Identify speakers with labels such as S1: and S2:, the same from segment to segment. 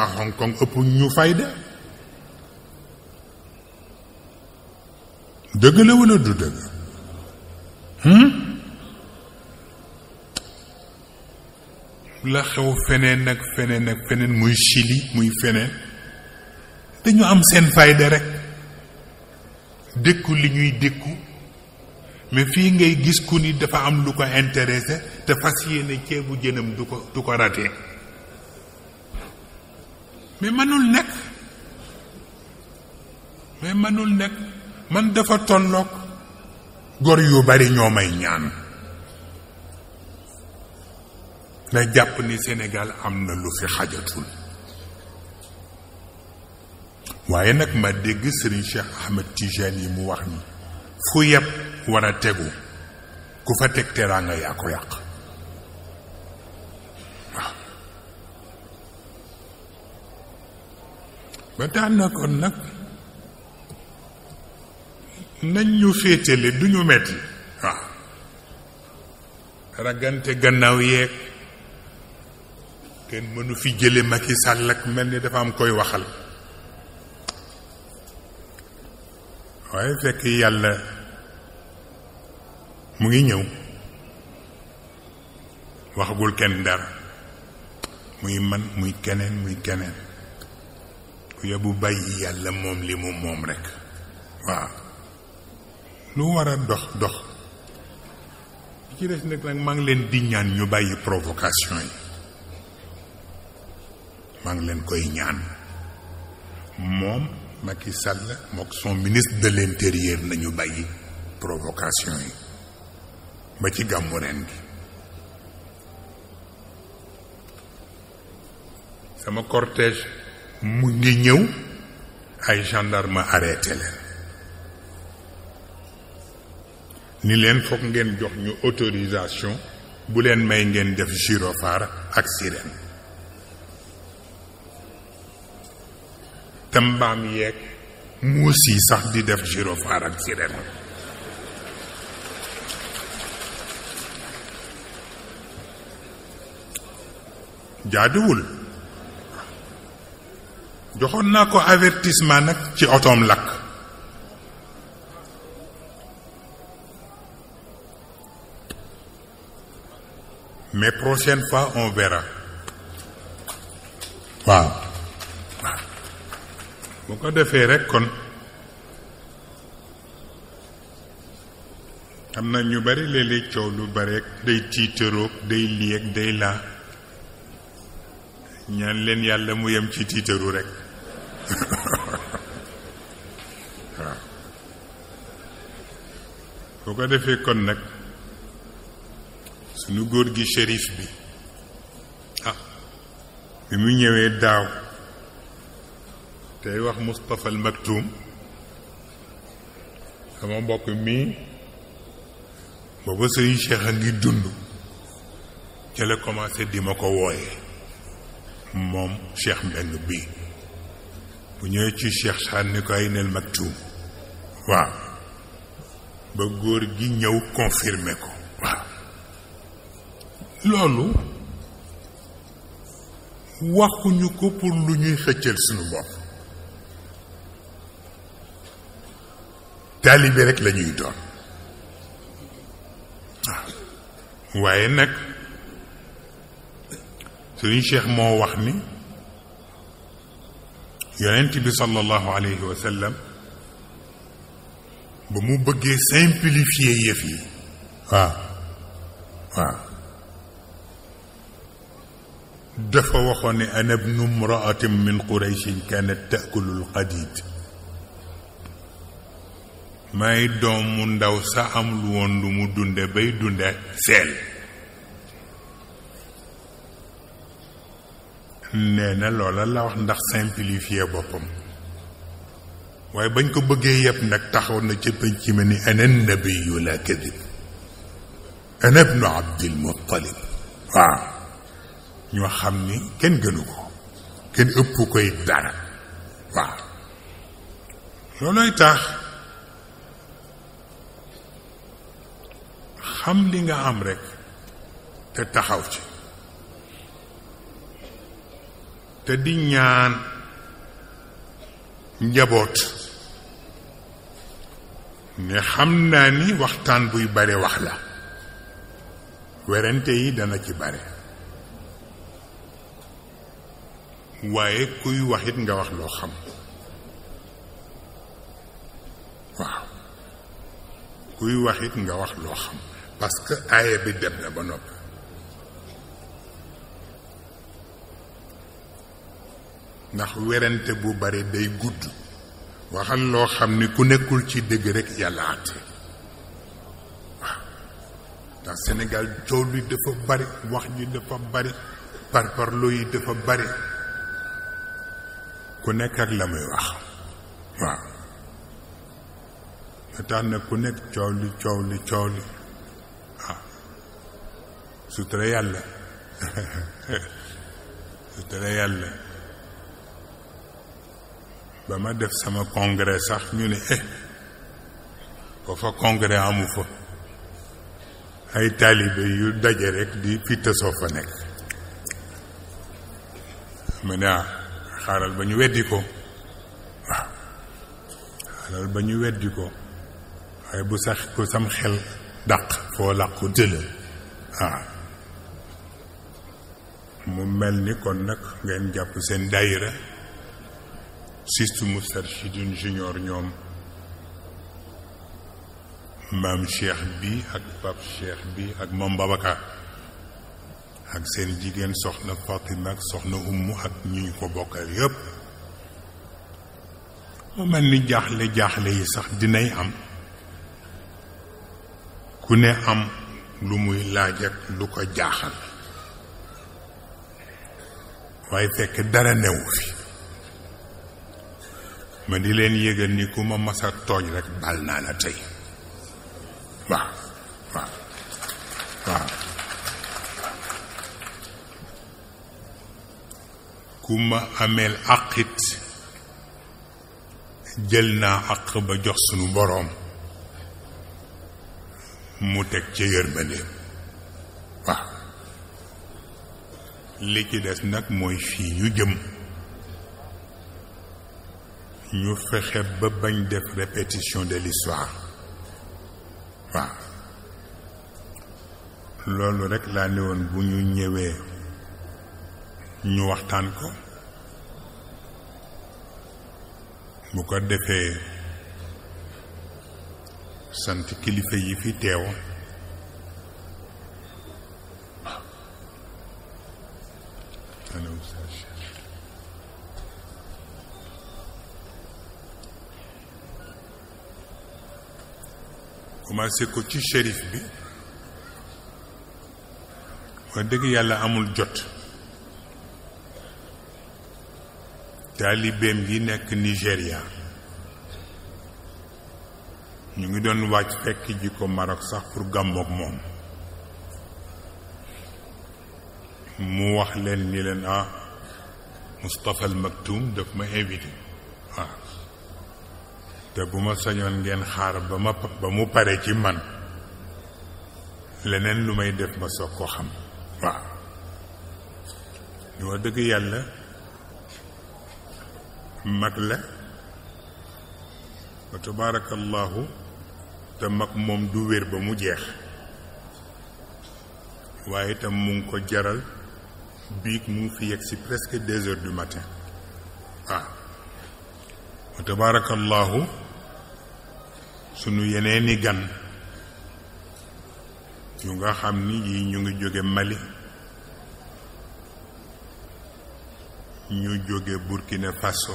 S1: waa Hong Kong ëpp ñu fayda dëgg la wala du dëgg hmm? la xew feneen ak feneen ak feneen muy Chili muy feneen dañu am seen fayda rek dëkku li ñuy dëkku mais fii ngay gis ku ni dafa am lu ko intéressé te fas yéene ceebu jënam du ko du ko ratee mais mënul nekk mais mënul nekk man dafa tolloog gor yu bari ñoo may ñaan na jàpp ni senegal am na lu fi xajatul waaye nag ma dégg Serigne Cheikh Ahmed Tijane yi mu wax ni fu yeb war a tegu ku fa teg teraanga yaa ko yàq ba tax na kon nag nañ ñu féetale du ñu metti waaw ragante gannaaw yeeg kenn mënu fi jële Macky Sall ak mel ni dafa am koy waxal waaye fekk yàlla mu ngi ñëw waxagul kenn dara muy man muy keneen muy keneen bu bàyyi yàlla moom li mu moom rekk waaw lu war a dox dox bi ci des nag nag maa ngi leen di ñaan ñu bàyyi provocation yi maa ngi leen koy ñaan moom Macky Sall mook son ministre de l'intérieur nañu bàyyi provocation yi ba ci gàmmu gi sama cortège mu ngi ñëw ay gendarme arrêté leen ni leen foog ngeen jox ñu autorisation bu leen may ngeen def gyrophare ak sirène te yeek yeeg muus yi sax di def gyrophare ak sirène jaaduwul joxoon naa ko avertisement nag ci otoom lakk mais prochaine fois on verra waaw bu ko defee rek kon am na ñu bari léeg-léeg coow lu bari day tiitaroog day lii ak day laa ñaan leen yàlla mu yem ci tiitaru rekk waaw boo ko defee kon nag sunu góor gi shérif bi ah, bi mu ñëwee daaw tey wax Moustapha al sama mbokk mii booba sëriñ Cheikh a ngi dund ca la commencé di ma ko wooye moom Cheikh Mbeng bii bu ñëwee ci Cheikh sànni ko ay nel maktuum waaw ba góor gi ñëw confirmer ko waaw loolu waxuñu ko pour lu ñuy xëccal suñu bopp taalibe rek la doon waaw waaye nag Sëriñ Cheikh moo wax ni yonent bi sallallahu alayhi wa ba mu bëggee simplifier yëf yi waaw waaw dafa waxoon ne ana ibnu imra'atin min qurayshin kanat ta'kulu al-qadid may doom mu ndaw sa am lu woon lu mu dunde bay dunde seel nee na loola la wax ndax simplifier boppam waaye bañ ko bëggee yëpp nag taxaw na ca penc mi ni ana nabiyu la kadib ana ibnu abdil muttalib waaw ñoo xam ni kenn gënu ko kenn ëpp koy dara waaw loolooy tax xam li nga am rek te taxaw ci te di ñaan njaboot ne xam naa ni waxtaan buy bare wax la werante yi dana ci bare waaye kuy waxit nga wax loo xam waaw kuy waxit nga wax loo xam parce aaye bi dem na ba nopp ndax werante bu bari day gudd waxal loo xam ni ku nekkul ci dëgg rekk yàlla àtte waaw ndax Sénégal coow li dafa bari wax ji dafa bari parparloo yi dafa bari ku nekk ak la muy wax waaw nga tax na ku nekk coow li coow li coow li waaw sutura yàlla sutura yàlla ba ma def sama congrès sax ñu ne eh ba fa congrès amu fa ay taalibe yu daje rek di fitta soo fa nekk ma ne ah xaaral ba ñu weddi ko waaw xaaral ba ñu weddi ko waaye bu sax ko sam xel dàq foo làqu jële waaw ah. mu mel ni kon nag ngeen jàpp seen daayira sistu Moustarchidine junior ñoom maam Cheikh bi ak Pape Cheikh bi ak moom Babacar ak seen jigéen soxna Fatima ak soxna Umu ak ñi ñu ko bokkal yépp mu mel ni jaaxle jaaxle yi sax dinay am ku ne am lu muy laaj ak lu ko jaaxal waaye fekk dara newu fi ma di leen yëgal ni ku ma mas tooñ rek bal naa la tey waaw waaw waaw ku ma ameel àqit jël naa àq ba jox sunu boroom mu teg ca yërmandeem waaw li ci des nag mooy fii ñu jëm ñu fexe ba bañ def répétition de l'histoire loolu rekk laa ne woon bu ñu ñëwee ñu waxtaan ko bu ko defee sant kilifa yi fi teew commencé ko ci shérif bi wax dëgg yàlla amul jot taalibeem yi nekk Nigéria ñu ngi doon wàcc fekk ji ko Maroc sax pour gàmmook moom mu wax leen ni leen ah Moustapha al Maktoum ma invité te bu ma sañoon ngeen xaar ba ma ba mu pare ci man leneen lu may def ma soog ko xam waaw li dëgg yàlla mag la wa te mag moom du wér ba mu jeex waaye itam mu ngi ko jaral biig mu ngi fi yegg ci presque deux heures du matin waaw wa sunu yeneeni gan yu nga xam ni yi ñu ngi jóge Mali ñu jóge Burkina Faso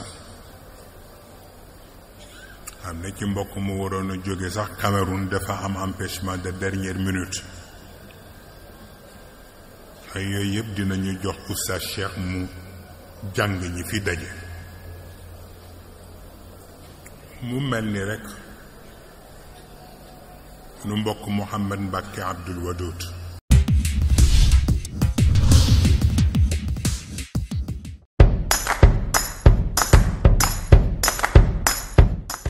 S1: am na ci mbokk mu waroon a jóge sax Cameroun dafa am empêchement de dernière minute ay yooyu yëpp dinañu jox oustaz Cheikh mu jàng ñi fi daje mu mel ni rekk nu mbokk Mouhamad Mbacke Abdoul Wadoud